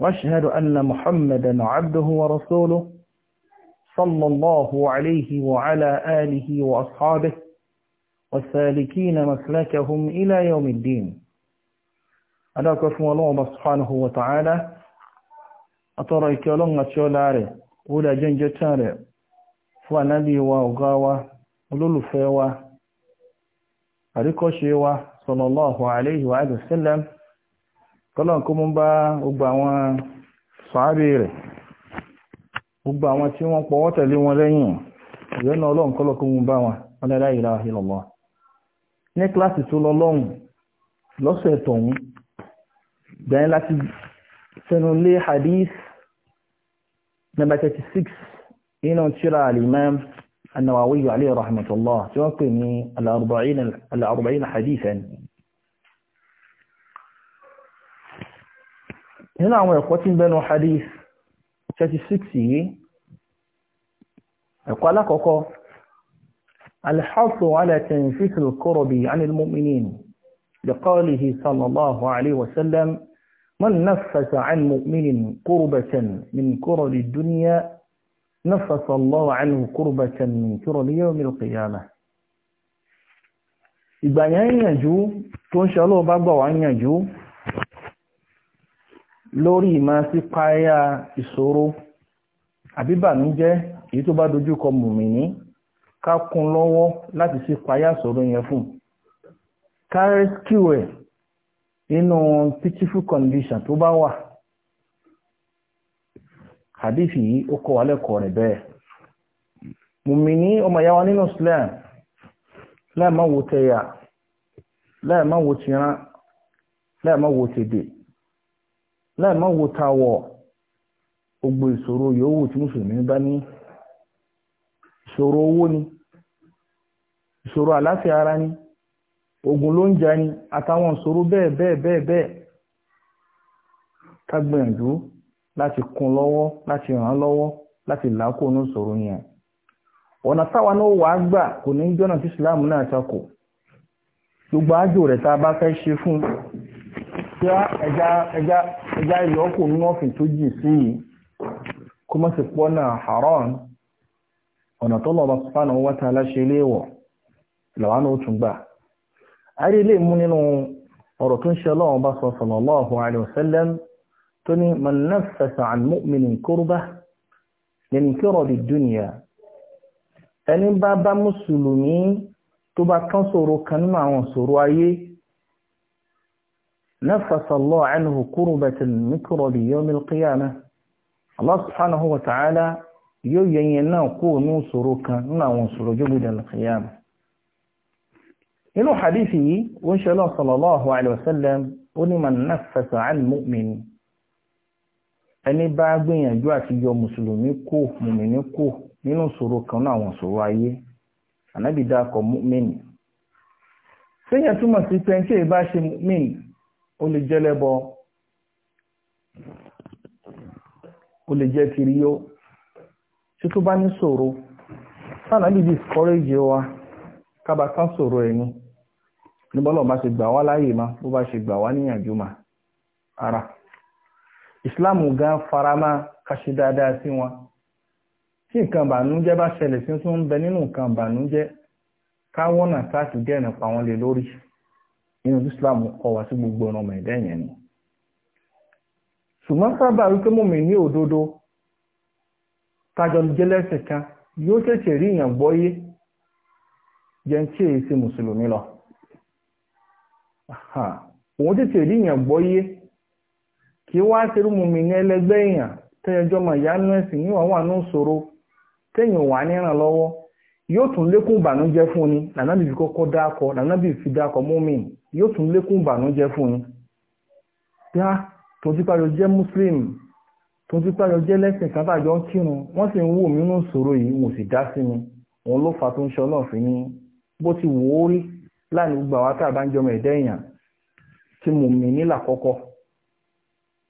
وأشهد أن محمدا عبده ورسوله صلى الله عليه وعلى آله وأصحابه والسالكين مسلكهم إلى يوم الدين أداك فو الله سبحانه وتعالى اترى كلون تشولاري ولا جنجتاري فنبي ولولو وللفاوة أريكوشيوة صلى الله عليه وعلى وسلم kọ́lọ̀n kó mú bá gbogbo àwọn sàábì rẹ̀ gbogbo àwọn tí wọ́n pọ̀ wọ́n tẹ̀lé wọn lẹ́yìn ìyọ́nà ọlọ́run kọ́lọ̀ kó mú bá wọn ọlọ́dá ilaha illallah ní kíláàsì tó lọ lọ́hùn lọ́sẹ̀ tọ̀hún gbẹ̀yìn láti sẹ́nu lé hadith number thirty six inú tíra al-imam an-nawawi alayhi tí wọ́n pè ní al-arba'in al-arba'in هنا عم يقوتين بنو حديث 36 يقول لك وقو الحص على تنفيس الكرب عن المؤمنين لقاله صلى الله عليه وسلم من نفس عن مؤمن كربة من كرب الدنيا نفس الله عنه كربة من كرب يوم القيامة إذا يجو تنشأ الله بعضه عن يجو lórí ìmá sí páyà ìṣòro àbíbànújẹ́ èyí tó bá dojú kọ mùmìnì ká kún lọ́wọ́ láti sí páyà ìṣòro yẹn fún ká rescue ẹ̀ nínú pitiful condition tó bá wà hadithi yìí ó kọ́ wa lẹ́kọ̀ọ́ rẹ̀ bẹ́ẹ̀ mùmìnì ọmọ ìyá wa nínú Islam láì má wo tẹ̀yà láì má wo tìran láì má wo tèdè láìmọ́ wo ta wọ gbogbo ìṣòro yòówù tí mùsùlùmí bá ní ìṣòro owó ni ìṣòro àláfíà ara ni ogun ló ń ni àtàwọn ìṣòro bẹ́ẹ̀ bẹ́ẹ̀ bẹ́ẹ̀ bẹ́ẹ̀ ká gbìyànjú láti kun lọ́wọ́ láti ràn án lọ́wọ́ láti làákòónú ìṣòro yẹn ọ̀nà táwa náà wà á gbà kò ní jọ́nà tí náà gbogbo rẹ̀ tá a bá fẹ́ ṣe fún tí wá ẹja ẹja ẹja ìyọ́kù nínú ọ̀fìn tó jì sí yìí kó má sì pọ́ náà haram ọ̀nà tó lọ́ba subhanahu wa ta'ala ṣe léèwọ̀ làwọn náà tún gbà á rí ilé mú nínú ọ̀rọ̀ tó ń ṣe ọlọ́run bá sọ sallallahu alaihi wasallam tó ní man naffasa an mu'minin kurba yẹn kí ọ̀rọ̀ di ẹni bá bá mùsùlùmí tó bá kán ṣòro kan nínú àwọn ṣòro ayé نفس الله عنه قربة المكرب ليوم القيامة الله سبحانه وتعالى يوينا كو نصرك ننصر جبل القيامة إنه حديثي وإن شاء الله صلى الله عليه وسلم ولمن نفس عن مؤمن ẹni bá gbìyànjú في يوم مسلمي kó mùmìnì kó من ìṣòro kan náà أنا ìṣòro ayé ànábìdá akọ mùmìnì. sẹ́yìn túmọ̀ sí pé o le jẹ́ le ó lè jẹ́ kiri yó tí tó bá ní ṣòro sánàbí discourage wa kábàtà soro ẹni níbọ́lọ̀ bá ṣe gbà wá láyè ma bó bá ṣe gbà wá níyànjú ma ara islam gan farama kaṣe dáadáa sí wọn tí nǹkan bànújẹ́ bá ṣẹlẹ̀ sí tún ń bẹ nínú nǹkan bànújẹ́ káwọ́nà káàkiri dẹ́rìn pa wọn lè lórí nínú Islam kọ́ wa sí gbogbo ọ̀nà ọmọ ẹ̀dá ẹ̀yẹn ni ṣùgbọ́n sábà wípé mọ̀mí ní òdodo tájọ jẹ́lẹ́sẹ̀ kan yóò tẹ̀sẹ̀ rí èèyàn gbọ́yé jẹ́ ń tí èyí sí mùsùlùmí lọ òun tẹ̀sẹ̀ rí èèyàn gbọ́yé kí wá ṣerú mọ̀mí ní ẹlẹgbẹ́ èèyàn tẹ́yẹjọ́ mọ̀ ìyá nú ẹ̀sìn níwọ̀n wà ní ìṣòro tẹ́yìn wà níran lọ́wọ́ yóò tún lékún ìbànújẹ́ fún ni nànábì fi kọ́kọ́ dákọ nànábì fi dákọ mọ́mìn yóò tún lékún ìbànújẹ́ fún ni yá tó ti pàjọ jẹ́ muslim tó ti pàjọ jẹ́ lẹ́sìn kan tàjọ ń kírun wọ́n sì ń wò mí nínú ìṣòro yìí wọ́n sì dá sí mi òun ló fa tó ń ṣọlọ́ fi ni. bó ti wò ó rí láàrin gbogbo àwọn tá a bá ẹ̀dá èèyàn tí mo mì nílà kọ́kọ́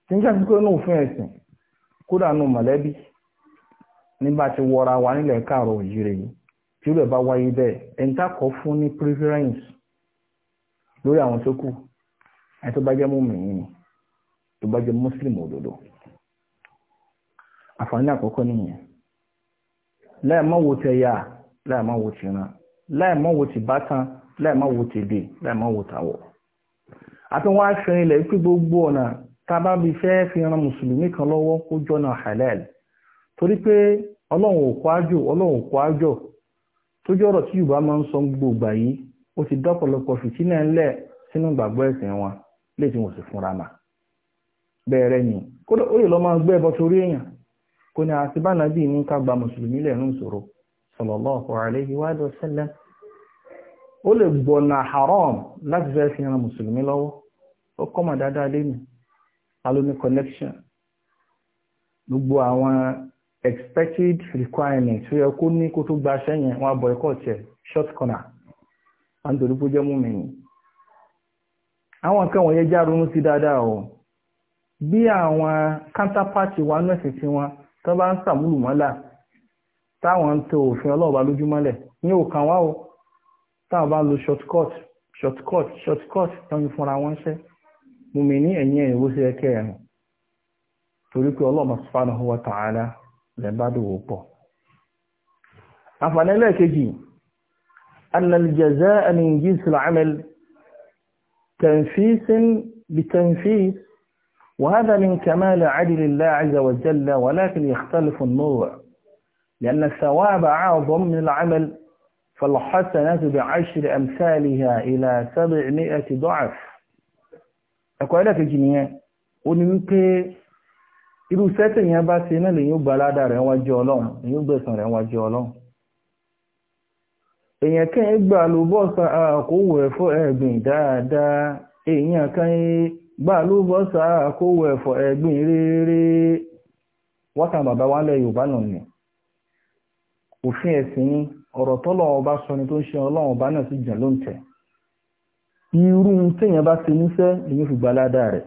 tí ń jásí pé ní òfin ẹ̀sìn kódà nù mọ̀lẹ́bí nígbà tí wọra wa nílẹ̀ káàrọ̀ òjì rẹ̀ yìí tí ó bẹ̀ bá wáyé bẹ́ẹ̀ ẹni kọ́ fún ní preference lórí àwọn tó kù ẹni tó bá jẹ́ mùmínì tó bá jẹ́ mùsùlùmí òdodo àǹfààní àkọ́kọ́ nìyẹn wo ti ẹ̀yà wo ti ran láìmọ́ wo ti bátan láìmọ́ wo ti wo tàwọ̀ gbogbo ọ̀nà tábà fẹ́ kan lọ́wọ́ kó jọ́nà halal torí pé ọlọ́run ò tójú ọ̀rọ̀ tí yorùbá máa ń sọ gbogbo ìgbà yìí ó ti dọ́pọ̀lọpọ̀ fìtínà ńlẹ̀ sínú ìgbàgbọ́ ẹ̀sìn wọn lè tí wọ́n sì fúnra mà bẹ́ẹ̀rẹ̀ ni kódà ó lè lọ máa gbé ẹbọ torí èèyàn kò ní àti bánàbí ní ká gba mùsùlùmí lẹ́nu ìṣòro sallallahu alaihi wa sallam ó lè gbọ̀nà haram láti fẹ́ fi ran mùsùlùmí lọ́wọ́ ó kọ́ mà dáadáa lẹ́nu alóní connection gbogbo àwọn expected requirement tó yẹ kó ní kó tó gba sẹ́yìn wọn boycott short corner à ń torí pé ó jẹ́ múmìnì. àwọn nǹkan wọ̀nyẹn já ronú sí dáadáa o bí àwọn counterpart wa nú ẹ̀sìn wọn tó bá ń sàmúlò mọ́là táwọn ń tẹ òfin ọlọ́ọ̀bá lójúmọ́lẹ̀ ní òkan o táwọn bá ń lo short cut short cut short cut tán fúnra wọn ṣẹ́ ẹ̀yìn ẹ̀yìn torí pé lẹ́ bá dòwò pọ̀ àǹfààní ẹlẹ́ẹ̀kejì annaljaza aningis al'amal tanfisin bitanfis وهذا من كمال عدل الله عز وجل ولكن يختلف النوع لأن الثواب أعظم من العمل فالحسنات بعشر أمثالها إلى سبعمائة ضعف أقول لك جنيا ونمكي irú sẹ́tì yẹn bá ṣe náà lèyìn ó gba aládà rẹ̀ wájú ọlọ́run lèyìn ó gbẹ̀sán rẹ̀ wájú ọlọ́run èèyàn kan gbà ló bọ́sà àkówó ẹ̀fọ́ ẹ̀gbìn dáadáa èèyàn kan gbà ló bọ́sà àkówó ẹ̀fọ́ ẹ̀gbìn rere wákàn bàbá wa lẹ̀ yorùbá nà ní òfin ẹ̀sìn ni ọ̀rọ̀ tọ́lọ̀ ọba sọ ni tó ń ṣe ọlọ́run ọba náà sì jẹ̀ ló ń tẹ̀ irú téèyàn bá ṣe níṣẹ́ lèyìn fi gba aládà rẹ̀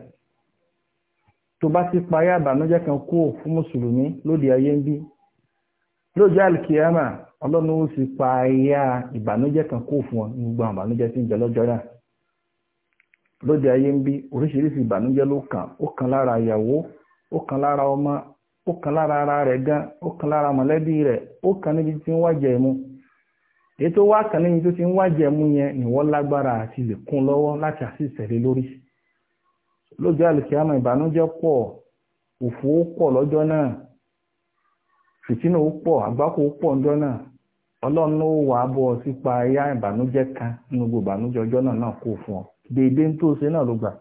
tó bá ti parí àbànújẹ́ kan kú fún mùsùlùmí lóde ayé ń bí lójú àlìkìyàmà ọlọ́run ó pa kan kú fún ọ ní gbogbo tí ń jẹ lọ́jọ́ náà lóde ayé ń bí oríṣiríṣi ìbànújẹ́ ló kàn ó kàn lára ìyàwó ó lára ọmọ ó lára ara rẹ̀ gan ó kàn lára mọ̀lẹ́bí rẹ̀ ó kàn níbi tí ń mu èyí tó wá ti ń emu mu yẹn lágbára àti lọ́wọ́ láti lójú àlùkìyàmọ̀ ìbànújẹ́ pọ̀ òfò pọ̀ lọ́jọ́ náà fìtínà ó pọ̀ àgbákò ó pọ̀ ọjọ́ náà ọlọ́run ó wà á bọ̀ sípa ẹ̀yà ìbànújẹ́ kan nínú gbogbo ìbànújẹ́ ọjọ́ náà náà fún ọ dèédé ń tó ṣe náà ló gbà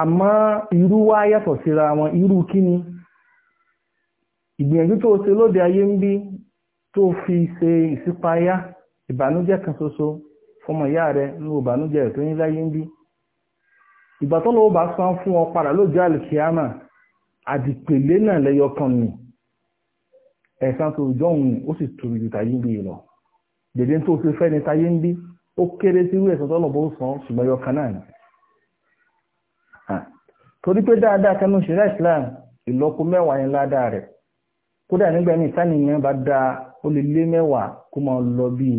àmọ́ irú wa yàtọ̀ síra wọn irú kíni ìgbìyànjú tó ṣe lóde ayé ń bí fi ṣe ìṣípayá ìbànújẹ́ kan ṣoṣo fọmọ ìyá rẹ nínú ìbànújẹ́ rẹ tó ní láyé ìgbà tó lọ́wọ́ bá san fún ọ padà lọ́jọ́ àlìkíyàmà àdìpèlé náà lẹ́yọkan ni ẹ̀san tó jọ̀hún ó sì tóbi ju tayé ń bí lọ dèdè tó fi fẹ́ ni tayé ń bí ó kéré sí wíwẹ̀ sọ́tọ́ lọ́bọ̀ ó san ṣùgbọ́n yọkan náà ni. torí pé dáadáa kẹnu ṣẹlẹ̀ Islam ìlọ́po mẹ́wàá yẹn ládàá rẹ̀ kódà nígbà míì sánìyàn bá da ó lè lé mẹ́wàá kó máa lọ bíi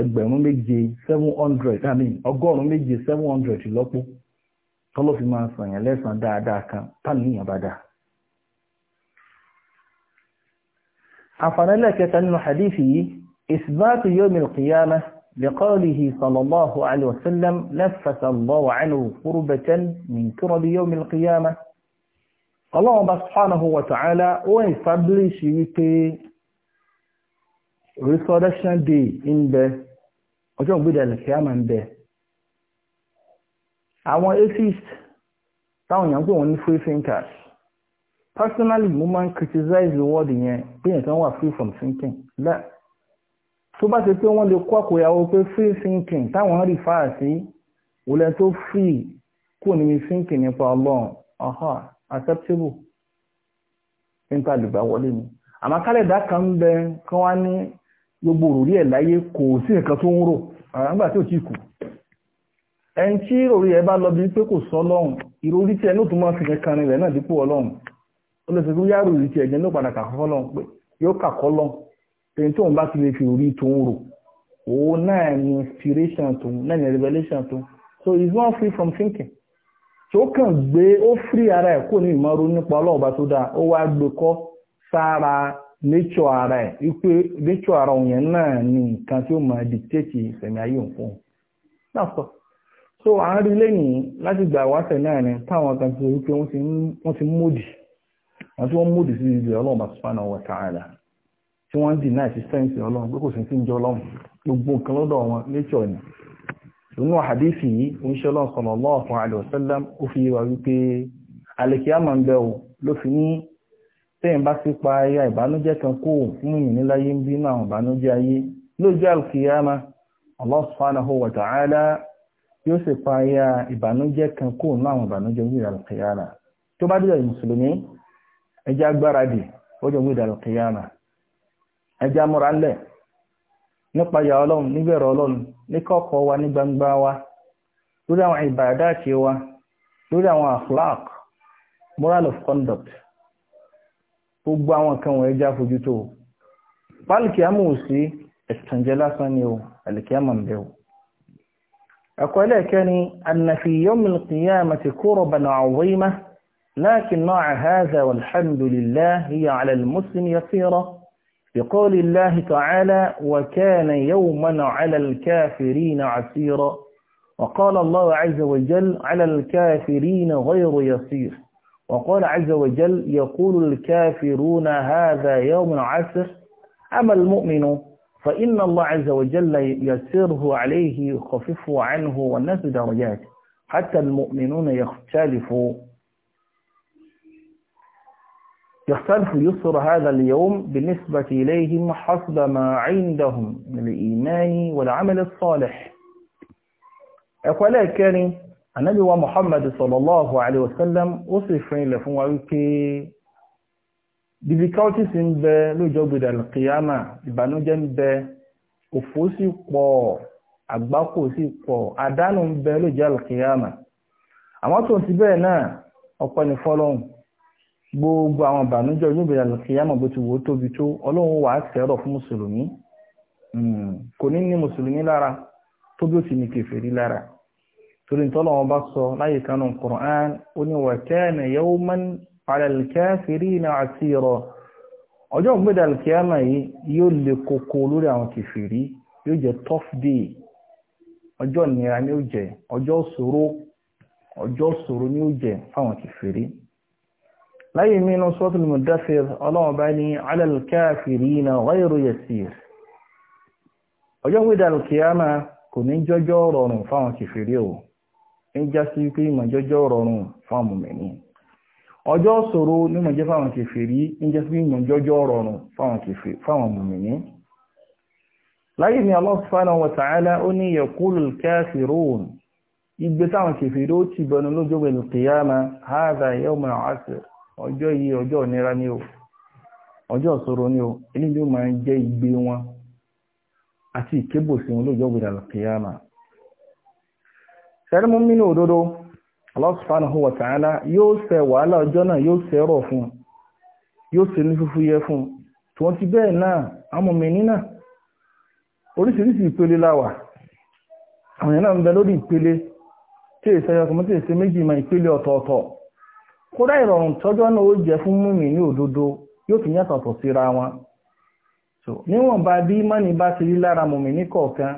ẹgbẹ̀rún méje seven hundred I mean ọgọ́rùn-ún méje seven hundred ìlọ́po tọ́lọ́ fi máa sànyàn lẹ́sàn dáadáa kan tánìyàn bá dáa àǹfààní lẹ́kẹta nínú hadithi yìí isbátu yawmi al-qiyamah لقوله صلى الله عليه وسلم نفس الله عنه قربة من كرب يوم القيامة الله سبحانه وتعالى وestablish wípé resurrection day ń bẹ ọjọ́ ìgbéda alkiyama ń bẹ àwọn atheist táwọn èèyàn pè wọ́n ní free thinkers personally mo máa ń criticize word yẹn pé yẹn kan wà free from thinking lẹ́ tó bá ṣe pé wọ́n lè kọ́ àkóyawó pé free thinking táwọn rí fáà sí òlẹ̀ tó free kò ní thinking nípa ọlọ́run aha acceptable nípa àlùbá wọlé ni àmọ́ kálẹ̀dá kan ń bẹ kán wá ní gbogbo òròrí ẹ̀ láyé kò sí nǹkan tó ń rò àgbà tí ò tí kù ẹni tí ìròrí ẹ bá lọ bí pé kò sọ lọ́hùn ìròrí tí ẹni ò tún máa fi kankan rẹ̀ náà dípò ọlọ́hùn ó lè fi kú yá ìròrí tí ẹ̀jẹ̀ ló padà kàkọ́ lọ́hùn pé yóò kàkọ́ lọ́hùn tẹ̀yìn tóun bá ti lè fi orí tóun rò òun náà ni inspiration tóun náà ni revelation tóun so he is not free from thinking tí ó kàn gbé ó free ara ẹ̀ kò ní ìmọ̀rú nípa ọlọ́ọ̀bá tó dáa ó wá gbé kọ́ sára nature ara ẹ̀ wípé nature ara òun yẹn dictate ìfẹ̀mí ayé òun fún un náà sọ so à ń rí lẹ́yìn láti gbà wáṣẹ̀ náà ni táwọn kan ti rí pé wọ́n ti mòdì wọ́n tí wọ́n mòdì sí ibi ọlọ́run bá sùpánà wọ̀ tààlà tí wọ́n ń dì náà sí sẹ́ǹsì ọlọ́run pé kò sí sí ń jọ ọlọ́run gbogbo nǹkan lọ́dọ̀ wọn nature ni nínú àdéfì yìí oníṣẹ́ ọlọ́run sallallahu alaihi wasallam ó fi wà wípé àlèkíyàmọ̀ ń bẹ̀ ló fi ní tẹ́yìn bá sí pa ẹyà ìbànújẹ́ kan kó fún mi níláyé ń bínú àwọn ìbànújẹ́ ayé lójú àlèkíyàmọ̀ Allah subhanahu wa ta'ala yóò sì pa ya ìbànújẹ́ kan kó nínú àwọn ìbànújẹ́ wíìdà alkiyama tó bá dìjà mùsùlùmí ẹjá gbáradì ọjọ́ wíìdà alkiyama ẹjá múra ńlẹ̀ nípa ya ọlọ́run níbẹ̀rẹ̀ ọlọ́run ní kọ̀kọ̀ wa ní gbangba wa lórí àwọn ìbàdáàtì wa lórí àwọn akhlaq moral of conduct gbogbo àwọn nǹkan wọ̀nyí já fojú tó pálíkì àmọ̀ òsì ẹ̀sìtànjẹ́ lásán ni o àlìkí àmọ̀ ń أقولكني يعني أن في يوم القيامة كربا عظيمة لكن مع هذا والحمد لله هي على المسلم يسيرة بقول الله تعالى وكان يوما على الكافرين عسيرا وقال الله عز وجل على الكافرين غير يسير وقال عز وجل يقول الكافرون هذا يوم عسر أما المؤمن فإن الله عز وجل يسره عليه يخففه عنه والناس درجات حتى المؤمنون يختلفوا يختلف يسر هذا اليوم بالنسبة إليهم حسب ما عندهم من الإيمان والعمل الصالح أقول كان يعني، النبي محمد صلى الله عليه وسلم وصف لفوعك difficulties ń bẹ lọ́jọ́ gbèdà kìyàmà ìbànújẹ́ ń bẹ òfò sì pọ̀ àgbákò sì pọ̀ àdánù ń bẹ lọ́jọ́ kìyàmà àwọn tó ti bẹ́ẹ̀ náà ọpẹ́ ní fọ́lọ́hùn gbogbo àwọn ìbànújẹ́ ọjọ́ gbèdà kìyàmà bó ti wò ó tóbi tó ọlọ́run wà á sẹ́rọ̀ fún mùsùlùmí hmm, kò ní ní mùsùlùmí lára tó bí ó ti ní kèfèrí lára torí tọ́lọ́run bá sọ láyé kanú Qur'an ó ní wa kana alẹ́lẹ́kẹ́fìrínà àti ìrọ̀ ọjọ́ ògbédà alkiyama yìí yóò le koko lórí àwọn kìfìrí yóò jẹ́ tough day ọjọ́ ìnira ni ó jẹ́ ọjọ́ ṣòro ọjọ́ ṣòro ni ó jẹ́ fáwọn kìfìrí láyé mínú sọ́tún mùdáfẹ́ ọlọ́run bá ní alẹ́lẹ́kẹ́fìrínà wáyẹ̀rọ yẹ̀sìr ọjọ́ ògbédà alkiyama kò ní jọjọ́ rọrùn fáwọn kìfìrí o ń já sí pé ìmọ̀ jọjọ́ rọrùn fáwọn mùmẹ́ni ọjọ́ ṣòro ní mọ̀ jẹ́ fáwọn kèfèrí ọjọọ jẹ́ fún ìmọ̀ jọjọ́ rọrùn fáwọn mùmìnì láyé ni Allah subhanahu ó ní táwọn ó ti pẹ̀lú ọjọ́ yìí ọjọ́ nira ni o ọjọ́ ni o máa ń jẹ́ wọn àti ìkébòsí wọn pẹ̀lú sẹ́rẹ́mú òdodo Allah subhanahu wa ta'ala yóò ṣe wàhálà ọjọ́ náà yóò ṣe rọ̀ fún yóò ṣe ní fúfú yẹ fún tí wọ́n ti bẹ́ẹ̀ náà amòmí nínà oríṣiríṣi ìpele láwà àwọn èèyàn náà ń bẹ lórí ìpele tí èsẹ ọkùnrin tí èsẹ méjì mọ ìpele ọ̀tọ̀ọ̀tọ̀ kódà ìrọ̀rùn tọ́jọ́ náà ó jẹ́ fún múmi ní òdodo yóò tún yàtọ̀tọ̀ síra wọn níwọ̀nba bí mọ́ni bá ti rí lára mòmí ní kọ̀ọ̀kan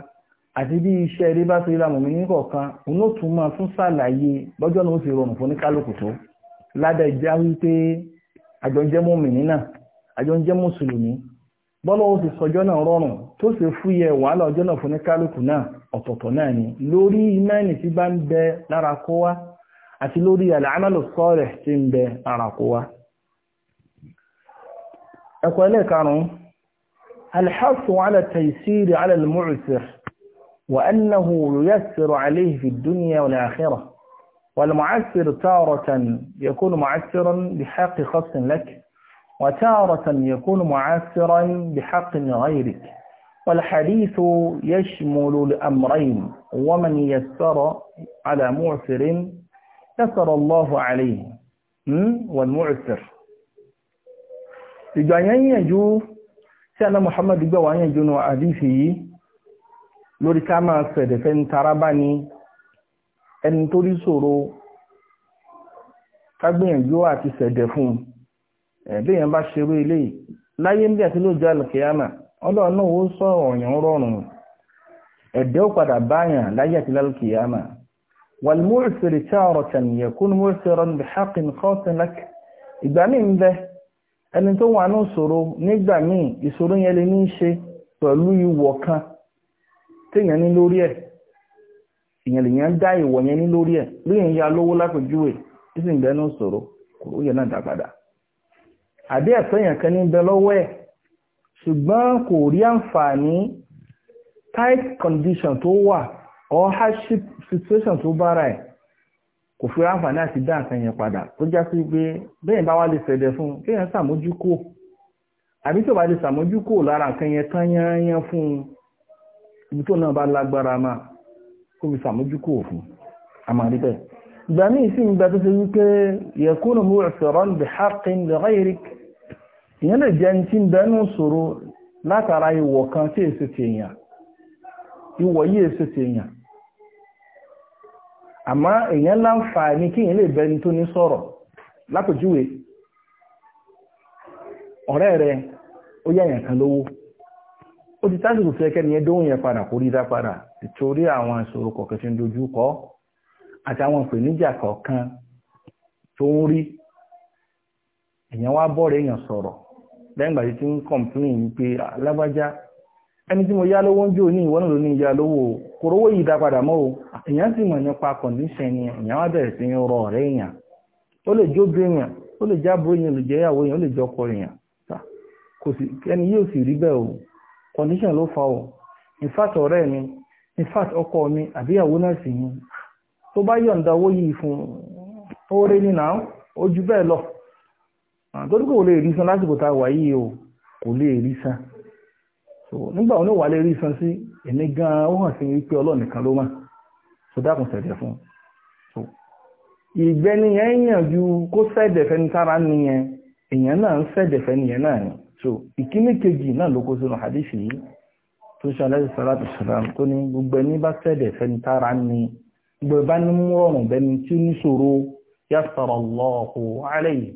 àti bí iṣẹ́ eré bá ṣe rámọ̀ mi nìkọ̀ọ̀kan òun ó tún máa tún ṣàlàyé lọ́jọ́ náà ó sì rọrùn fún oníkálukú tó ládàá ìjà wípé àjọ ń jẹ́ mùmìnì náà àjọ ń jẹ́ mùsùlùmí bọ́lá ó sì sọjọ́ náà rọrùn tó sì fúyẹ wàhálà ọjọ́ náà fún oníkálukú náà ọ̀tọ̀ọ̀tọ̀ náà ni lórí imáìnì tí bá ń bẹ lára kó wá àti lórí àlàámàlù tí ń bẹ lára kó wá. ẹ̀kọ́ ẹlẹ́karùn-ún alḥasu ala taysiri ala al-mu'sir وأنه ييسر عليه في الدنيا والآخرة والمعسر تارة يكون معسرا بحق خاص لك وتارة يكون معسرا بحق غيرك والحديث يشمل الأمرين ومن يسر على معسر يسر الله عليه والمعسر ìgbà يجو yẹn محمد tí يجو náà lórí ká máa sẹ̀dẹ̀ fẹ́ ń tara bá ní ẹni ṣòro kágbìyànjú àti sẹ̀dẹ̀ fún ẹ̀bí yẹn bá ṣerú ilé láyé ń bí àti lójú alùkìyàmà ọlọ́run náà ó sọ ọ̀yàn rọrùn ẹ̀dẹ́ ó padà báyàn láyé àti lálùkìyàmà والمعسر تارة يكون معسرا بحق خاص ìgbà míì ń bẹ ẹni téèyàn ní lórí ẹ̀ èèyàn lè yàn dá ìwọ̀ yẹn ní lórí ẹ̀ léèyàn ya lówó lápèjúwe tí sì ń bẹ́ẹ̀ náà sọ̀rọ̀ kò róye náà dá padà àbí ẹ̀tọ́ kan ní bẹ lọ́wọ́ ẹ̀ ṣùgbọ́n kò rí àǹfààní tight condition tó wà or hardship situation tó bára ẹ̀ kò fi ráǹfààní àti dá nǹkan yẹn padà tó já sí pé bẹ́ẹ̀ bá wá lè fẹ̀dẹ̀ fún un kéèyàn ṣàmójúkò àbí tó bá lè ṣàmójúkò lára nǹkan yẹn tán yán yán fún un ibi tó náà bá lágbára máa kó fi sàmójúkò fún àmàrí bẹ́ẹ̀ ìgbà ní ìsìn ìgbà tó ṣe wípé yẹkúnnù mú ẹ̀sọ̀rọ̀n bí haqqin bí ghayrik ìyẹn lè jẹ́ tí ń bẹnu sòro látara ìwọ̀ kan tí èso ti èèyàn ìwọ̀ yí èso ti èèyàn àmọ́ èèyàn láǹfààní kí èèyàn lè bẹni tó ní sọ̀rọ̀ ọ̀rẹ́ o ti tásìkò tó eke nìyẹn e yẹn padà kó rí dá padà torí àwọn ìṣòro kọ̀ọ̀kan tí ń dojú kọ àti àwọn ìpèníjà kọ̀ọ̀kan tó ń rí èèyàn wá bọ́ọ̀rọ̀ èèyàn sọ̀rọ̀ lẹ́yìn ìgbà tí ń alágbájá ẹni tí mo yá lówó ń jò ní ìwọ́n náà ló ní ìyá lówó yìí mọ́ o èèyàn sì mọ̀ nípa kọ̀ǹdíṣẹ̀ ni èèyàn wá bẹ̀rẹ̀ sí rọ ọ̀rẹ́ èèyàn ó lè èèyàn ó lè jábọ̀ èèyàn lè jẹ́yàwó èèyàn condition ló fa ọ̀ in mi in ọkọ mi àbíyàwó náà sì tó bá yọ̀ǹda owó yìí fún ó rí nínà ó lọ torí kò lè rí san lásìkò tá a wà yìí o kò lè rí san so nígbà wọn wà lè rí san sí èmi gan ó hàn sí pé ọlọ́ọ̀ nìkan ló mà so dákun sẹ̀dẹ̀ fún so ìgbẹ́ni yẹn yàn ju kó so ìkíní kejì náà ló kó sínú hadith yìí tó ṣe aláìsí sàlátù sàlám tó ní gbogbo ẹni bá sẹ́dẹ̀ fẹ́ni tára ni gbogbo bá ní mọ́rùn bẹni tí ó ní ṣòro yásọ̀rọ̀ Allahu alayhi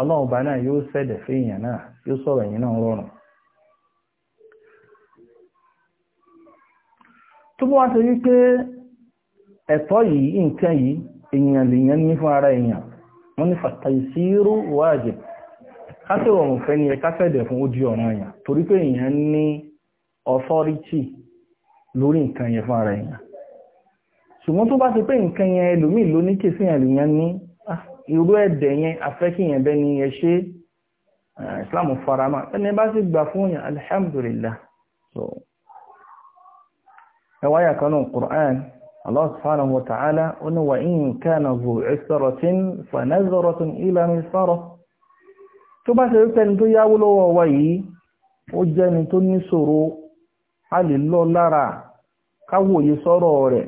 ọlọ́run bá náà yóò sẹ́dẹ̀ fẹ́yìn náà yóò sọ̀rọ̀ ẹ̀yìn náà rọrùn tó bọ́ wá ṣe ẹ̀tọ́ yìí ara èèyàn wọ́n ní kásẹ̀ rọrùn fẹ́ ni ẹ kásẹ̀ dẹ̀ fún ó di ọ̀ràn èèyàn torí pé èèyàn ní authority lórí nǹkan yẹn fún ara èèyàn ṣùgbọ́n tó bá ti pé nǹkan yẹn ẹlòmíì ló ní kìí síyàn lè yẹn ní ah, irú ẹ̀dẹ̀ yẹn afẹ́kìyàn bẹ́ ni ẹ ṣe eh, Islam farama ẹni bá sì gbà fún yàn alhamdulillah so ẹwáyà kan náà Qur'an Allah subhanahu wa ta'ala ó ní wa in kana zu 'usratin fa nazratun ila misara tó bá ṣe tó yáwó lọ́wọ́ wa yìí ó jẹ́ tó tó níṣòro a lè lọ lára káwòye sọ́rọ̀ rẹ̀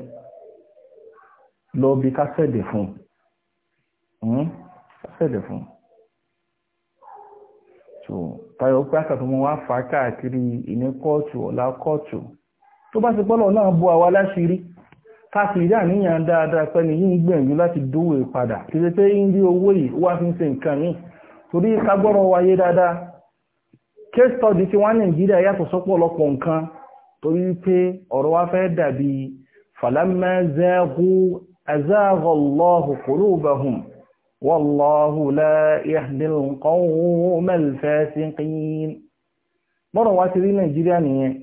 lọ bí ká sẹ́dẹ̀ fún sẹ̀dẹ̀ hmm? so tayo pé àkàtà mo wá fà káàkiri ìní tó bá pọ́lọ̀ ká àníyàn dáadáa pẹ́ni ń láti dówó kí ṣe pé wá fi torí kagbọ́rọ̀ wáyé dáadáa case study ti wá nàìjíríà yàtọ̀ sọ́pọ̀lọpọ̀ nǹkan torí pé ọ̀rọ̀ wá fẹ́ dàbí falamma zaghu azagha Allahu qulubahum wallahu la yahdil qawmal fasiqin bọ́rọ̀ wá ti rí nàìjíríà nìyẹn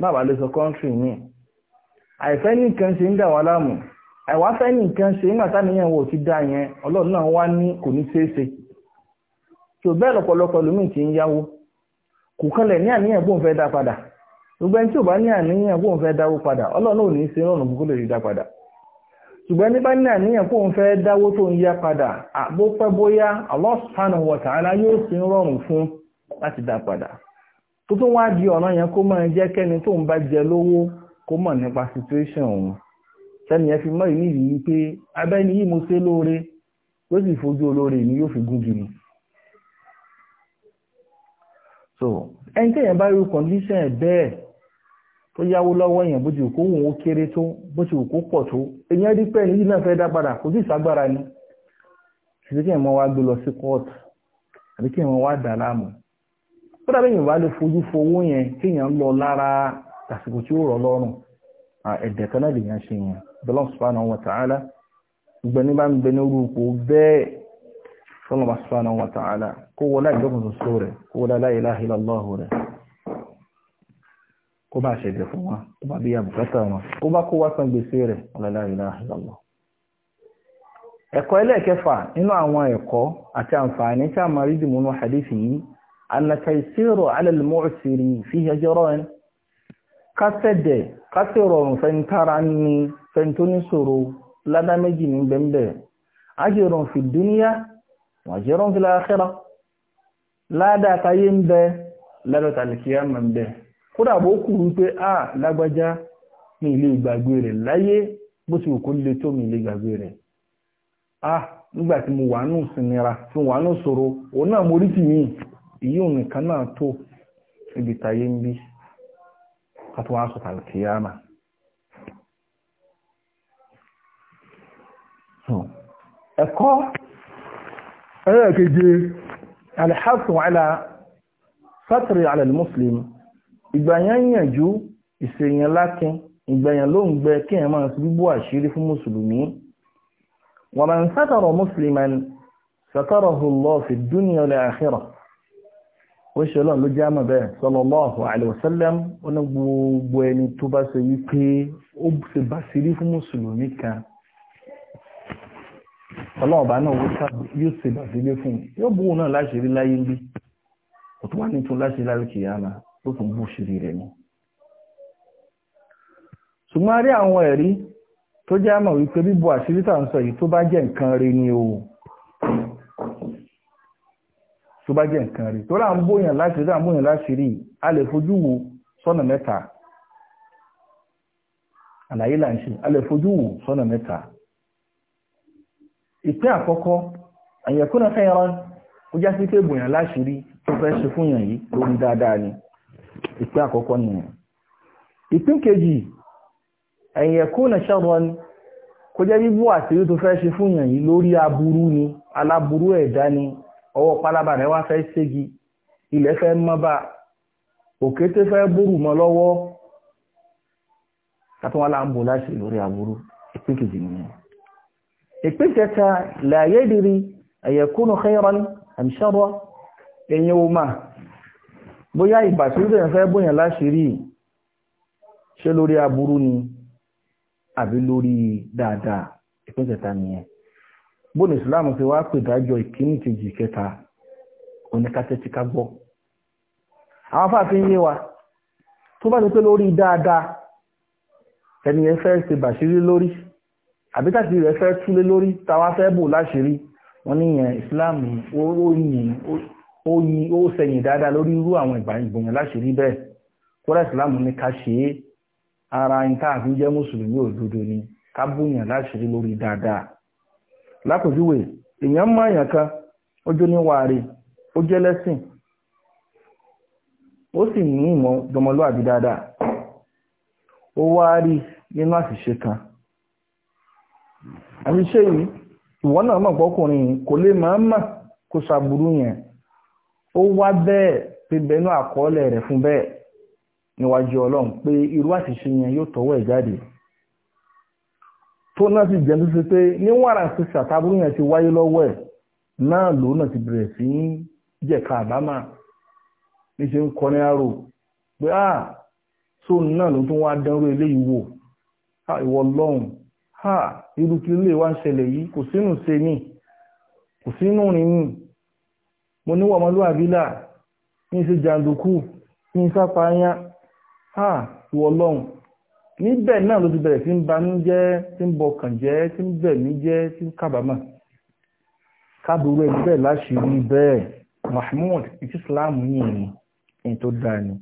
má bàa lè sọ kọ́ńtì mi àìfẹ́ nìkan ṣe ń dà wá láàmú àìwáfẹ́ nìkan ṣe ń nìyẹn wò ti dá yẹn ọlọ́run náà wá ní kò ní ṣeéṣe tó bẹ́ẹ̀ lọ́pọ̀lọpọ̀ lómìn tí ń yáwó kò kanlẹ̀ ní àníyàn bóun fẹ́ dá padà ṣùgbọ́n ẹni tí ò bá ní àníyàn bóun fẹ́ dáwó padà ọlọ́run ò ní í ṣe rọrùn kó lè dá padà ṣùgbọ́n ní bá ní àníyàn bóun fẹ́ dáwó tó ń yá wa yóò ṣe rọrùn fún láti dá padà tó tún wá di ọ̀nà yẹn kó máa jẹ́ kẹ́ni tó ń bá jẹ lówó nípa situation so ẹni tẹ́yàn bá rí condition ẹ̀ bẹ́ẹ̀ tó yáwó lọ́wọ́ èèyàn bó ti wù kó wù ó kéré tó bó ti wù kó pọ̀ tó èèyàn rí pẹ́ẹ́ni yìí náà fẹ́ dá padà kò sí ìsagbára ni ṣùgbọ́n kí ẹ̀mọ́ wá gbé lọ sí kóòtù àbí kí ẹ̀mọ́ wá dà láàmú ó dàbí èèyàn bá lè fojú fowó yẹn kí èèyàn lọ lára àsìkò tí ó rọ̀ lọ́rùn ẹ̀dẹ̀ kan náà lèèyàn ṣe yẹn bọ́lá subhanahu wa ta'ala gbẹ̀ni bẹ́ẹ̀ fọ́nà subhanahu wa ta'ala kó wọlá ìjọkùn soso rẹ̀ kó wọlá la ilaha illallah rẹ̀ kó bá ṣẹ̀jẹ̀ fún wa kó bá bí i àbùkátà wọn kó bá kó wá san gbèsè rẹ̀ la ilaha illallah ẹ̀kọ́ ẹlẹ́ẹ̀kẹfà nínú àwọn ẹ̀kọ́ àti àǹfààní tí a máa rí dìmú ní fi ẹjọ́rọ́ wàjírùn fil akhirah ládàá táyé ń bẹ ládàá tàlìkìyàmà ń bẹ kódà bó wípé a lágbájá ní ilé ìgbàgbé rẹ̀ láyé bó ti wù kó lè tó mi ilé ìgbàgbé rẹ̀ a nígbà tí mo wà nù sinira tí mo wà nù sọ̀rọ̀ òun náà mo rí tì mí ìyí òun nìkan náà tó ibi táyé ń bí ká wá sọ tàlìkìyàmà. Hmm. ẹ̀kọ́ ẹlẹ́ẹ̀keje alhassan ala sátìrì alẹ́ mùsùlùmí ìgbà yẹn ń yànjú ìsèyàn lákin ìgbà yẹn ló ń gbẹ kí ẹ̀ máa bíbú àṣírí fún mùsùlùmí wọ́n máa ń sátọ̀rọ̀ mùsùlùmí sátọ̀rọ̀ hùlọ́ fi dúnìyà lẹ́ àṣírà ó ṣe lọ́n ló jámọ̀ bẹ́ẹ̀ sallallahu alaihi ó ní gbogbo ẹni tó bá ṣe wípé ó ṣe bàṣírí fún mùsùlùmí kan ọlọ́ọ̀bá náà wó sáà yóò ṣe bàtílé fún un yóò bú náà láṣìírí láyé ń bí kò tó wá ní tún láṣìírí láyé kìíyàmá ó tún bú ṣìírí rẹ̀ ni ṣùgbọ́n a rí àwọn ẹ̀rí tó jẹ́ àmọ̀ wípé bíbu àṣírí tà ń sọ yìí tó bá jẹ́ nǹkan rí ni o tó bá jẹ́ nǹkan rí tó rà ń bóyàn láṣìírí rà ń bóyàn láṣìírí a lè fojú wo sọ́nà mẹ́ta àlàyé là ń ṣe a lè fojú wo sọ́nà mẹ́ta ìpín àkọ́kọ́ àyẹ̀kúnà fẹ́ràn ó já sí pé bòyàn láṣìírí tó fẹ́ ṣe fún yàn yìí lórí dáadáa ni ìpín àkọ́kọ́ nìyẹn ìpín kejì àyẹ̀kúnà ṣàrọ̀ ni kó jẹ́ bíbú àṣírí tó fẹ́ ṣe fún yàn yìí lórí aburú ni aláburú ẹ̀dá ni ọwọ́ pálábà rẹ̀ wá fẹ́ ségi ilẹ̀ fẹ́ mọ́ bá òkété fẹ́ bórù mọ́ lọ́wọ́ kátó wọn là ń bò láṣìírí lórí aburú ìpín kejì nìyẹn ìpín kẹta làyédìrí àyẹ̀kúnnù khairan am sharra ẹ̀yìn ọmọ bóyá ìbàtílẹ̀ fẹ́ bóyàn láṣìírí ṣe lórí aburú ni àbí lórí dáadáa ìpín kẹta nìyẹn bóni ìsìláàmù fi wá pè dájọ́ ìkíní kejì kẹta oníkátẹ́tí gbọ́ àwọn fàáfin yé wa tó bá ti pé lórí dáadáa ẹni ẹ fẹ́ ṣe bàṣírí lórí àbítàtì rẹ̀ fẹ́ túlé lórí tàwa fẹ́ bò láṣìírí wọ́n níyẹn Islam ó sẹ̀yìn dáadáa lórí irú àwọn ìgbòyàn láṣìírí bẹ́ẹ̀ kódà Islam ní ká ṣe é ara nǹkan àfi jẹ́ mùsùlùmí òdodo ni ká bòyàn láṣìírí lórí dáadáa lápòjúwe èèyàn mọ èèyàn kan ó jó ní wàárí ó jẹ́ lẹ́sìn ó sì ní ìmọ̀ dọmọlúwàbí dáadáa ó wá rí nínú àṣìṣe kan àbí ṣé yìí ìwọ náà mọ̀ pọ́kùnrin kò lè máa mà kó ṣàbùrú yẹn ó wá bẹ́ẹ̀ pé bẹnu àkọọ́lẹ̀ rẹ̀ fún bẹ́ẹ̀ níwájú ọlọ́run pé irú àṣìṣe yẹn yóò tọwọ́ ẹ̀ jáde tó náà sì jẹ́ tó ṣe pé níwọ̀n àti ṣàtàbùrú yẹn ti wáyé lọ́wọ́ ẹ̀ náà lòun náà ti bẹ̀rẹ̀ sí í jẹ̀ka àbámà níṣẹ́ ń kọ́ ní àrò pé ah sóun náà ló tún wá dánrú eléyìí wò ah, ìwọ ọlọ́run ha irú kí ilé wa ń ṣẹlẹ̀ yìí kò sínú ṣe ní kò sínú rìn ní mo níwà ọmọlúwàbí là ní ṣe jàǹdùkú ní sápáyá ha ìwọ lọ́hùn níbẹ̀ náà ló ti bẹ̀rẹ̀ sí ń banú jẹ́ tí ń bọkàn jẹ́ tí ń bẹ̀ mí jẹ́ tí ń kábàámà kábùrú ẹni bẹ́ẹ̀ láṣìírí bẹ́ẹ̀ mahmud ìtí islam yìí ni ẹni tó dáa ni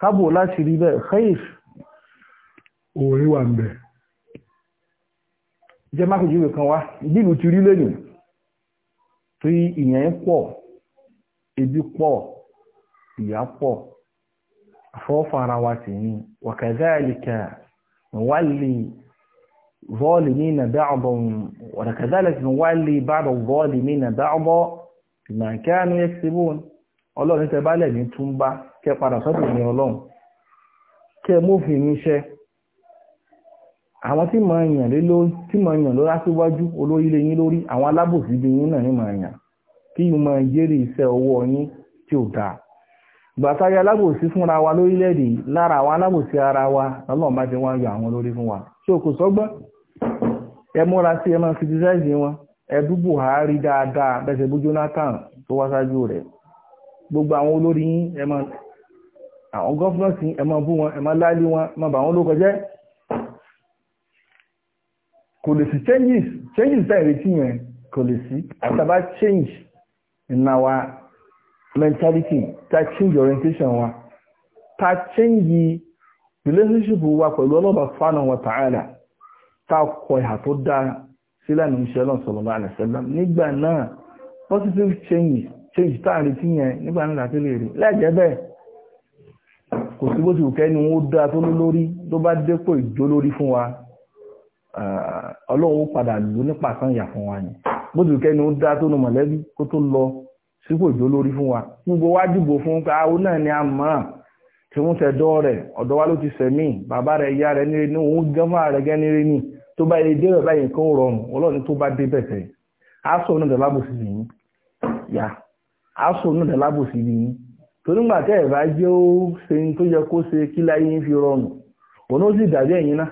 kábùrú láṣìírí bẹ́ẹ̀ khair òun wà ń bẹ̀ẹ́ jẹ́ mákòjúwe kan wá ìdílù ti rí lẹ́nu tí ìyẹn pọ̀ ebi pọ̀ ìyà pọ̀ afọ́fara wa ti ní wàkàzáàlìkà wàlì vọ́ọ̀lì ní nà dáàbọ̀ wàkàzáàlìkà wàlì bàbọ̀ vọ́ọ̀lì ní nà dáàbọ̀ ìmọ̀kánú yẹ ti bó ọlọ́run tẹ bá lẹ̀ ní túnbá kẹ padà sọ́dọ̀ ní ọlọ́run kẹ mófin níṣẹ́ àwọn tí mọ̀ yàn lé lórí tí mọ̀ yàn lórí aṣíwájú olórí lé yín lórí àwọn alábòsí bí yín náà ní mọ̀ yàn kí yín mọ̀ jẹ́rìí iṣẹ́ ọwọ́ yín tí ò dáa gbàtàrí alábòsí fúnra wa lórílẹ̀-èdè lára àwọn alábòsí ara wa lọ́lọ́run bá ti wá yọ àwọn lórí fún wa ṣé o kò sọ́gbọ́n ẹ múra sí ẹ máa criticize wọn ẹdú Buhari dáadáa bẹ́sẹ̀ bú Jonathan tó wá ṣáájú rẹ̀ gbogbo àwọn olórí yín ẹ máa àwọn gọ́fúnọ̀sì ẹ máa bú wọn ẹ máa láálí wọn ẹ máa bà wọn lókọjẹ́ kò lè sí changes changes tá ìrètí yẹn kò lè sí àtàbá change in our mentality tá change orientation wa tá change relationship wa pẹ̀lú ọlọ́ba subhanahu wa ta'ala tá kọ ìhà tó dáa sílẹ̀ ní ìṣẹ́lọ̀ sallallahu alaihi wasallam nígbà náà positive change change tá ìrètí yẹn nígbà náà láti lè rí lẹ́jẹ̀ bẹ́ẹ̀ kò sí bó ti wù kẹ́ni ó dáa tó lórí tó bá dépò ìjó lórí fún wa ọlọ́run padà lò nípa kan ìyà fún wa ni bó ti kẹ́ni ó dá tó nu mọ̀lẹ́bí kó tó lọ sípò ìjó lórí fún wa gbogbo wa dìbò fún pé àwọn náà ni a mọ̀ tí wọ́n tẹ̀dọ́ rẹ̀ ọ̀dọ́ wa ló ti sẹ̀mí bàbá rẹ̀ ìyá rẹ̀ nílé ní òun gánfà rẹ̀ gẹ́ nílé ní tó bá yẹ débẹ̀ báyìí kan rọrùn ọlọ́run tó bá débẹ̀ fẹ́ aṣọ náà dẹ̀ lábòsí ni yín yá aṣọ náà dẹ̀ lábòsí ni yín torígbà tẹ́ ẹ̀ bá jẹ́ ó ṣe tó yẹ kó ṣe kí láyé yín fi rọrùn òun ó sì dàbí ẹ̀yin náà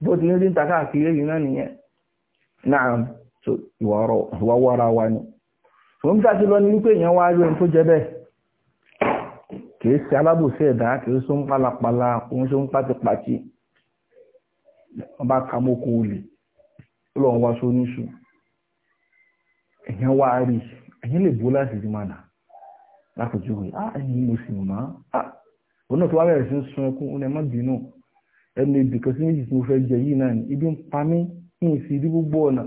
bó ti ní sí ń ta káàkiri èyí náà nìyẹn náà so ìwà wọ́ra wa ni ṣùgbọ́n bí káàkiri lọ ní wípé èèyàn wá rí ohun tó jẹ bẹ́ẹ̀ kìí ṣe alábòsí ẹ̀dá kìí ṣe ń pálapàla òun ṣe ń pátipàti wọ́n bá ka mọ́kò olè lọ́n wá sóníṣù èèyàn wá rí èèyàn lè bó láti ti máa dà lápòjú rẹ̀ ah ẹni mo sì mọ̀ á ah, òun náà tó wá bẹ̀rẹ̀ sí sun ẹkún ó má bínú ẹnu ibì kan sí méjì tí mo fẹ́ jẹ yìí náà ni ibi ń pa mí kí n sì rí gbogbo ọ̀nà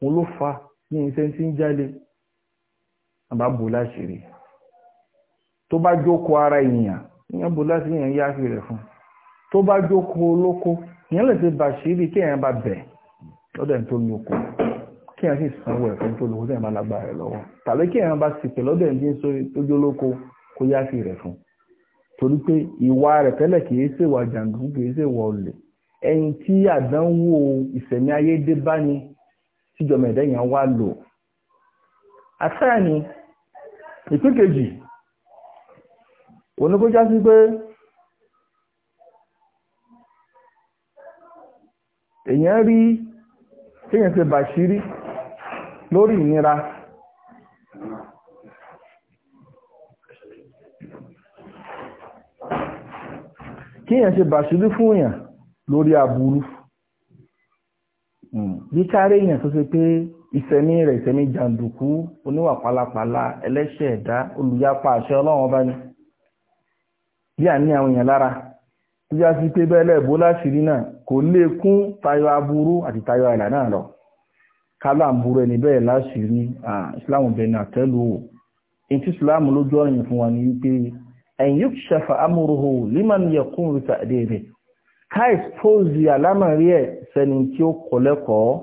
mo ló fa kí n sẹ́ńtì ń jáde àbá bò láṣìírí tó bá jókòó ara ènìyàn ìyẹn bò láṣìírí yẹn yááfi rẹ̀ fún tó bá jókòó olóko ìyẹn lè ṣe bàṣírí kí èèyàn bá bẹ̀ lọ́dẹ̀ tó lóko kí èèyàn sì sanwó ẹ̀fọ́ tó lóko tó èèyàn bá lágbára rẹ̀ lọ́wọ́ tàbí kí èèyàn bá sìkè lọ́dẹ̀ tó jólóko kó yááfi rẹ̀ fún torí pé ìwà rẹ̀ tẹ́lẹ̀ kìí ṣe ìwà jàǹdùkú kìí ṣe ìwà olè ẹni tí àdánwò ìsẹ̀mí ayé dé bá ní tíjọba ẹ̀dẹ́yìn wá lò àṣà ni ìpín kejì oníkójá sí pé èèyàn rí kéèyàn ṣe bàṣírí lórí ìnira kíyàn ṣe bàṣírí fún èèyàn lórí aburú hmm. bí kárí èèyàn tó ṣe pé ìsẹ̀mí rẹ̀ ìsẹ̀mí jàǹdùkú oníwà pálapàla ẹlẹ́ṣẹ̀ ẹ̀dá olùyapa àṣẹ ọlọ́run ọba ni bí àní àwọn èèyàn lára tó já sí pé bẹ́ẹ̀lẹ̀ bó láṣìírí náà kò lékún tayọ aburú àti tayọ àìlà náà lọ kálá ń burú ẹni bẹ́ẹ̀ láṣìírí islam bẹni àtẹ́lù ò èyí tí islam lójú ọ̀yìn fún wa ni wípé and yukshafa amruhu liman yakun bi ta'dibi ka expose ya lamari ẹ̀ sẹ́ni tí ó kọ́lẹ́kọ̀ọ́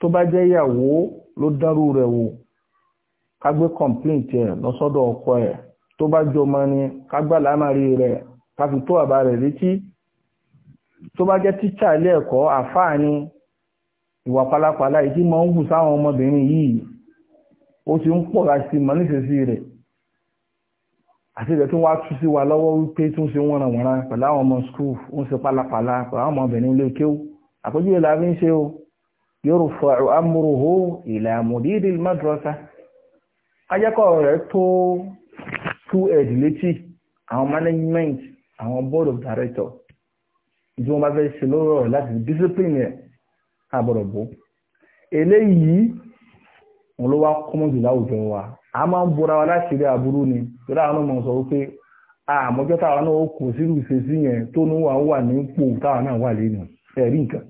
tó bá jẹ́ ìyàwó ló dárú rẹ̀ wò ká gbé complaint ẹ̀ e, e. ni lamari rẹ̀ ká fi to aba re riti to bá jẹ́ tíṣà ilé ẹ̀kọ́ àfáà ni ti àti ìrẹ̀ tó wá tú sí wa lọ́wọ́ wípé tó ń ṣe wọ́nra wọ́nra pẹ̀lú àwọn ọmọ skul ó ń ṣe pálapàla pẹ̀lú àwọn ọmọbìnrin ilé kéwú àpèjúwe la fi ń ṣe o yurfa'u amruhu ila mudiri madrasa ajẹ́kọ̀ rẹ̀ tó tú ẹ̀dì létí àwọn management àwọn board of director ìdí wọn bá fẹ́ ṣe lọ́rọ̀ láti discipline ẹ̀ àbọ̀rọ̀ bò eléyìí wọn ló wá kọ́mọ̀ jù láwùjọ wa a máa wa láti rí aburú ni torí àwọn ọmọ sọ pé àmọ́jọ́ táwọn náà ó kò sírù ṣe sí yẹn tó ní wà wà ní pò táwọn náà wà lẹ́nu ẹ̀rí nǹkan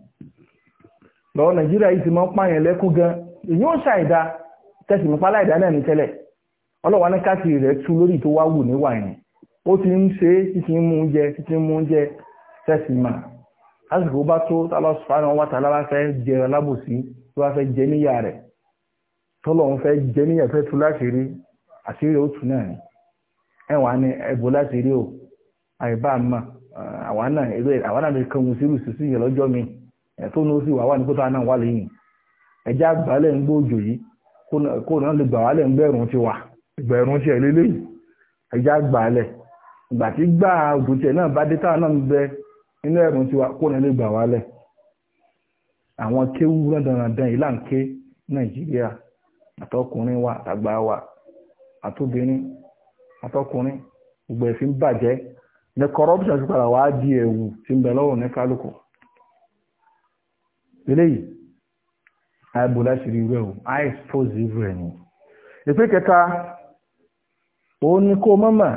lọ́wọ́ nàìjíríà yìí ti máa ń pààyàn lẹ́kún gan èyí ó ṣàìdá tẹ̀sí mi pálá ìdá náà ní tẹ́lẹ̀ ọlọ́wọ́ ní káàkiri rẹ̀ tú lórí tó wá wù níwà yẹn ó ti ń ṣe é títí ń mú oúnjẹ títí ń mú oúnjẹ tẹ̀sí mà lásìkò bá tó Allah subhanahu wa ta'ala fẹ́ jẹ alábòsí tó bá fẹ́ jẹ níyà rẹ̀ tọ́lọ́run fẹ́ jẹ níyà fẹ́ tú láṣìírí àṣírí ó tú náà ni ẹwà ní ẹbò láti rí o àìbá àmà àwọn náà eré àwọn náà lè kanwù sí sí ìyẹn lọ́jọ́ mi tó ní ó sì wà wà ní kótó àná wà lẹ́yìn ẹjẹ́ àgbálẹ̀ ń gbóòjò yìí kó náà lè gbà wálẹ̀ ń gbẹ̀rún ti wà gbẹ̀rún ti ẹ̀ lélẹ́yìn ẹjẹ́ àgbálẹ̀ ìgbà tí gbà òdòtẹ̀ náà bá dé táwọn náà ń bẹ nínú ẹ̀rùn ti wà kó náà lè gbà àwọn kéwú rándanrandan yìí là Nàìjíríà àtọkùnrin wa àtàgbà wa àtobìnrin àtọkùnrin gbogbo ẹ̀fín bàjẹ́ ní corruption ti padà wàá di ẹ̀wù tí ń bẹ lọ́wọ́ ní kálukú eléyìí àìbòlá ṣe rí rẹ̀ o àìspose irú ẹ̀ ni ìpé kẹta ó ní kó mọ́mà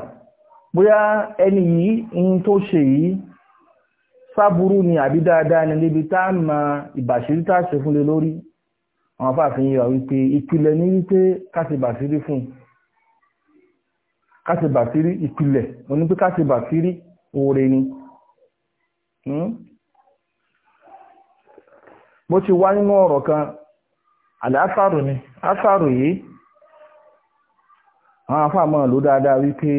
bóyá ẹni yìí ń tó ṣe yìí sáburú ni àbí dáadáa ni níbi tá a mọ ìbàṣírí tá a ṣe fún lórí àwọn afáàfin yìí wípé ìpìlẹ̀ ní wípé ká ti bàṣírí fún un káti bàtírí ìpìlẹ̀ mo ní pé káti bàtírí oore ni bó hmm? ti wá nínú ọ̀rọ̀ kan àdáfàrò ni àfàrò yìí àwọn afáàmọ́ ló dáadáa wípé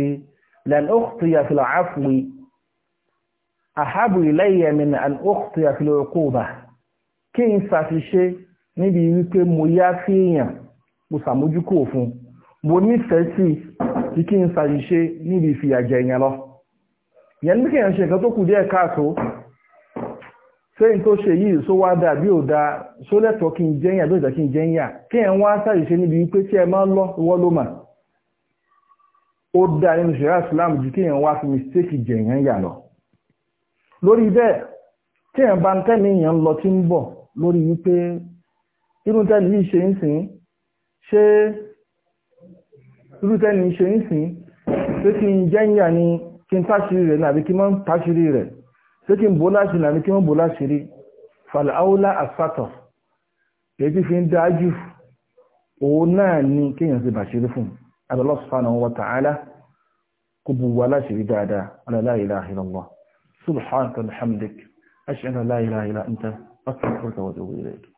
lan ukhtiya fil afwi ahabu ilayya min an ukhtiya fil uquba kí n ṣàfiṣe níbi wípé mo yá fíyàn mo ṣàmójúkò fún mo nífẹ̀ẹ́ sí tí kí n ṣàyíṣe níbi ìfìyàjẹ èèyàn lọ ìyẹn ní kéèyàn ṣe nǹkan tó kù díẹ̀ káàtó sẹ́yìn tó ṣe yìí só wá dà bí ò da só lẹ́tọ̀ọ́ kí n jẹ́yìn àbí ìjà kí n jẹ́yìn à kéèyàn wá ṣàyíṣe níbi wípé tí ẹ máa ń lọ wọ́ ló mà ó dá nínú ṣẹ̀rá Islam ju kéèyàn wá fi mistake jẹ̀yàn yà lọ lórí bẹ́ẹ̀ kéèyàn bá ń tẹ́ni èèyàn lọ tí ń bọ̀ lórí wípé irú tẹ́lẹ̀ yìí ṣe ń sìn ṣé irú tẹ́ni ṣe nísìn tó kí n jẹ́yà ni kí n táṣírí rẹ̀ nàbí kí mọ́n táṣírí rẹ̀ tó kí n bó láṣírí nàbí kí mọ́n bó láṣírí fàlàáúlá àsátọ̀ èyí tí fi ń dájú òun náà ni kéèyàn sí bàṣírí fún Allah subhanahu wa ta'ala kó bu wa láṣírí